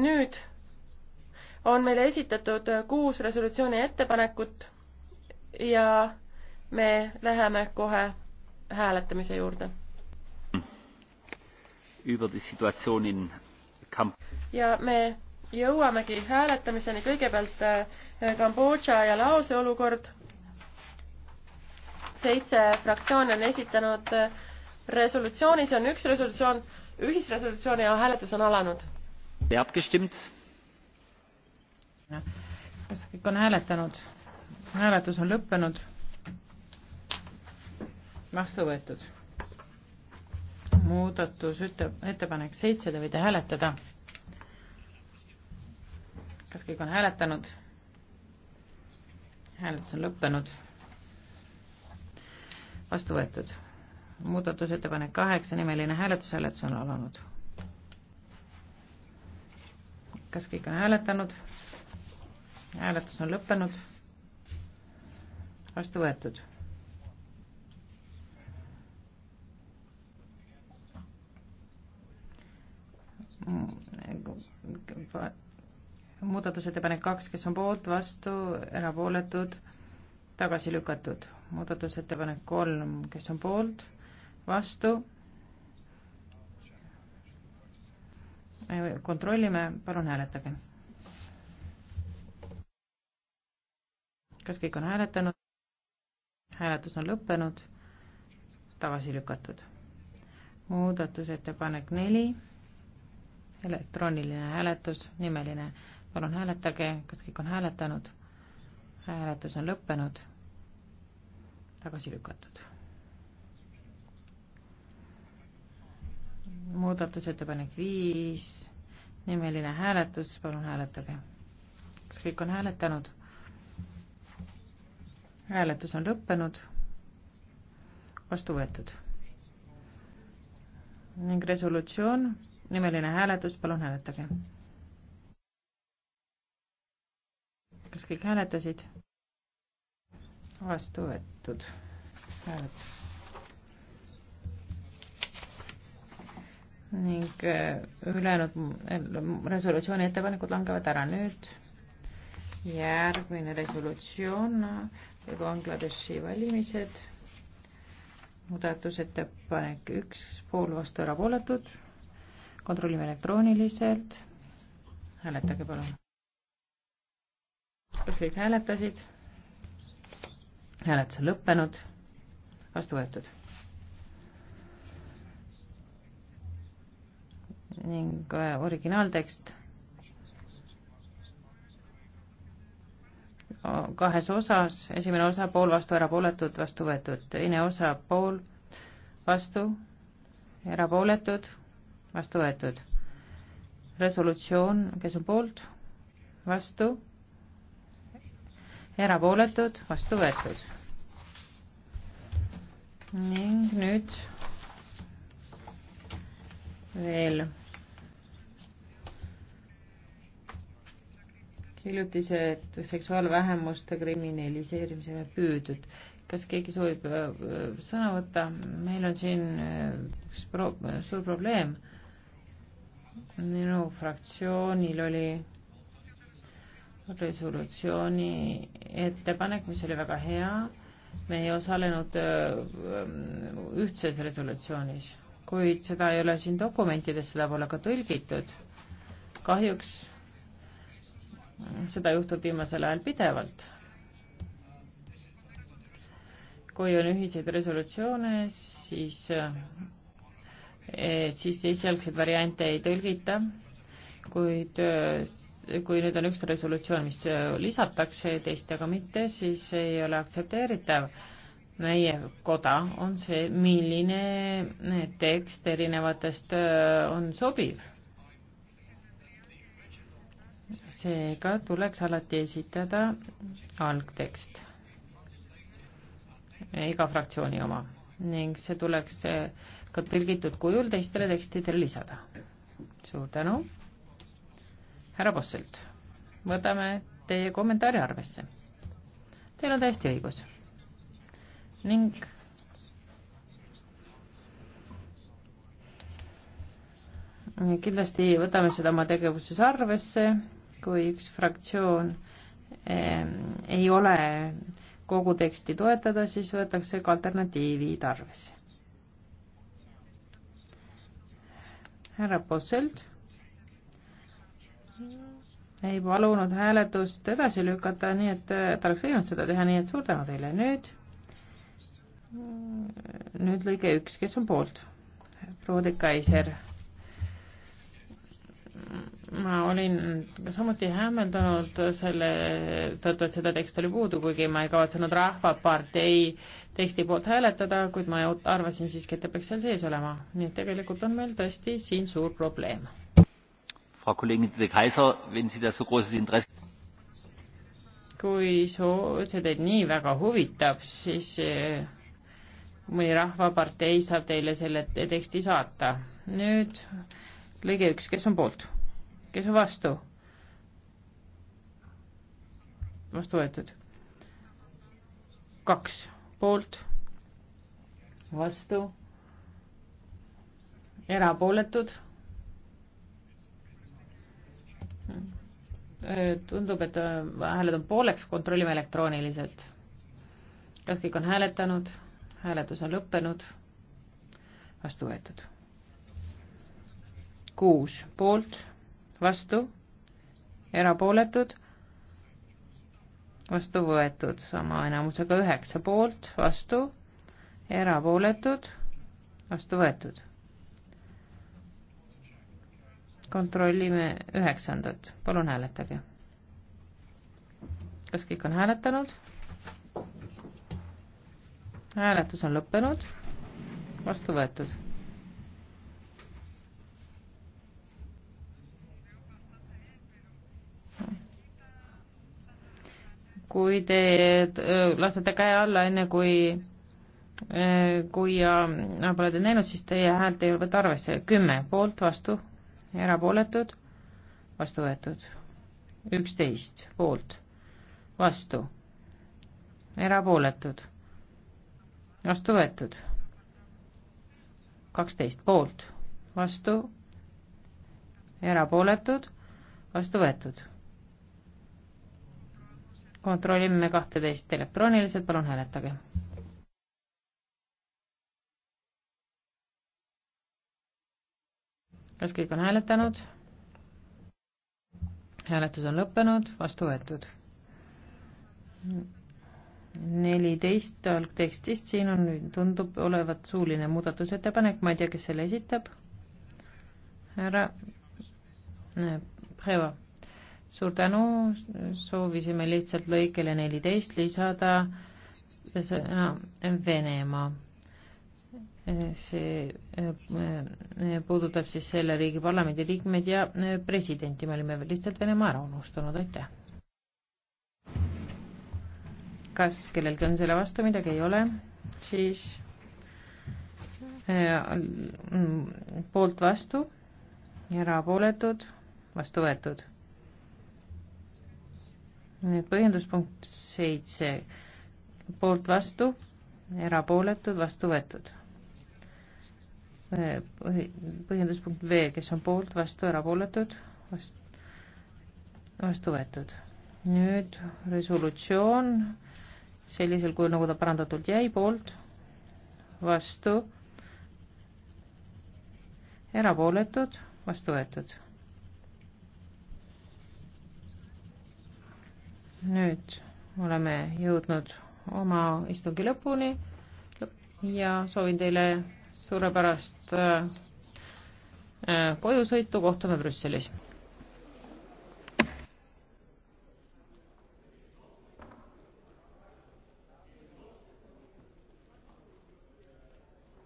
nüüd on meile esitatud kuus resolutsiooni ettepanekut ja me läheme kohe hääletamise juurde. ja me jõuamegi hääletamiseni kõigepealt äh, Kambodža ja Laose olukord. seitse fraktsiooni on esitanud äh, resolutsiooni, see on üks resolutsioon, ühisresolutsioon ja hääletus on alanud kas kõik on hääletanud? hääletus on lõppenud. vastu võetud. muudatus ütleb, ettepanek seitse, te võite hääletada. kas kõik on hääletanud? hääletus on lõppenud. vastu võetud. muudatusettepanek kaheksa, nimeline hääletus, hääletus on alanud kas kõik on hääletanud? hääletus on lõppenud. vastu võetud. muudatusettepanek kaks, kes on poolt, vastu, erapooletud, tagasi lükatud. muudatusettepanek kolm, kes on poolt, vastu kontrollime, palun hääletage. kas kõik on hääletanud? hääletus on lõppenud, tagasi lükatud. muudatusettepanek neli, elektrooniline hääletus, nimeline. palun hääletage, kas kõik on hääletanud? hääletus on lõppenud, tagasi lükatud muudatusettepanek viis, nimeline hääletus, palun hääletage. kas kõik on hääletanud? hääletus on lõppenud, vastu võetud. ning resolutsioon, nimeline hääletus, palun hääletage. kas kõik hääletasid? vastu võetud hääletus ning äh, ülejäänud äh, resolutsiooni ettepanekud langevad ära nüüd. järgmine resolutsioon, äh, Bangladeshi valimised, muudatusettepanek üks, pool vastu erapooletud, kontrollime elektrooniliselt, hääletage palun. kas kõik hääletasid? hääletus on lõppenud, vastu võetud ning äh, originaaltekst kahes osas, esimene osa pool vastu, erapooletud, vastu võetud, teine osa pool vastu, erapooletud, vastu võetud. resolutsioon, kes on poolt, vastu, erapooletud, vastu võetud. ning nüüd veel hiljutised seksuaalvähemuste kriminaliseerimise püüdud. kas keegi soovib äh, äh, sõna võtta? meil on siin äh, üks pro-, suur probleem. minu fraktsioonil oli resolutsiooni ettepanek, mis oli väga hea, me ei osalenud ühtses resolutsioonis, kuid seda ei ole siin dokumentides, seda pole ka tõlgitud. kahjuks seda juhtub viimasel ajal pidevalt. kui on ühiseid resolutsioone, siis, eh, siis esialgseid variante ei tõlgita, kuid eh, kui nüüd on üks resolutsioon, mis eh, lisatakse, teist aga mitte, siis ei ole aktsepteeritav. meie koda on see, milline tekst erinevatest on sobiv seega tuleks alati esitada algtekst, iga fraktsiooni oma ning see tuleks eh, ka tõlgitud kujul teistele tekstidele lisada. suur tänu, härra Posselt, võtame teie kommentaari arvesse. Teil on täiesti õigus ning kindlasti võtame seda oma tegevuses arvesse kui üks fraktsioon ehm, ei ole kogu teksti toetada, siis võetakse ka alternatiivid arvesse. härra Posselt ei palunud hääletust edasi lükata, nii et äh, ta oleks võinud seda teha, nii et suur tänu teile. nüüd, nüüd lõige üks, kes on poolt? proua de Kaiser ma olin samuti hämmeldunud selle tõttu, et seda teksti oli puudu, kuigi ma ei kavatsenud Rahvapartei teksti poolt hääletada, kuid ma arvasin siiski, et ta peaks seal sees olema. nii et tegelikult on meil tõesti siin suur probleem. kui soo-, see teid nii väga huvitab, siis eh, mõni Rahvapartei saab teile selle teksti saata. nüüd lõige üks, kes on poolt? kes on vastu? vastu võetud. kaks poolt, vastu, erapooletud. tundub, et äh, hääled on pooleks, kontrollime elektrooniliselt. kas kõik on hääletanud? hääletus on lõppenud. vastu võetud. kuus poolt vastu, erapooletud, vastu võetud, sama enamusega üheksa poolt, vastu, erapooletud, vastu võetud. kontrollime üheksandat, palun hääletage. kas kõik on hääletanud? hääletus on lõppenud, vastu võetud kui te äh, lasete käe alla, enne kui äh, kui ja äh, pole te näinud, siis teie häält ei võta arvesse. kümme poolt, vastu, erapooletud, vastu võetud. üksteist poolt, vastu, erapooletud, vastu võetud. kaksteist poolt, vastu, erapooletud, vastu võetud kontrollime kahteteist elektrooniliselt, palun hääletage. kas kõik on hääletanud? hääletus on lõppenud, vastu võetud. neliteist algtekstist, siin on, tundub olevat suuline muudatusettepanek, ma ei tea, kes selle esitab. härra Preva äh, suur tänu, soovisime lihtsalt lõikele neliteist lisada sõna no, Venemaa. see puudutab siis selle riigi parlamendi liikmeid ja presidenti, me olime lihtsalt Venemaa ära unustanud, aitäh. kas kellelgi on selle vastu midagi, ei ole, siis äh, poolt vastu, erapooletud, vastu võetud nüüd põhjenduspunkt seitse, poolt vastu, erapooletud, vastu võetud. põhjenduspunkt V, kes on poolt, vastu, erapooletud, vastu, vastu võetud. nüüd resolutsioon sellisel kujul, nagu ta parandatult jäi, poolt, vastu, erapooletud, vastu võetud nüüd oleme jõudnud oma istungi lõpuni ja soovin teile suurepärast äh, äh, kojusõitu, kohtume Brüsselis.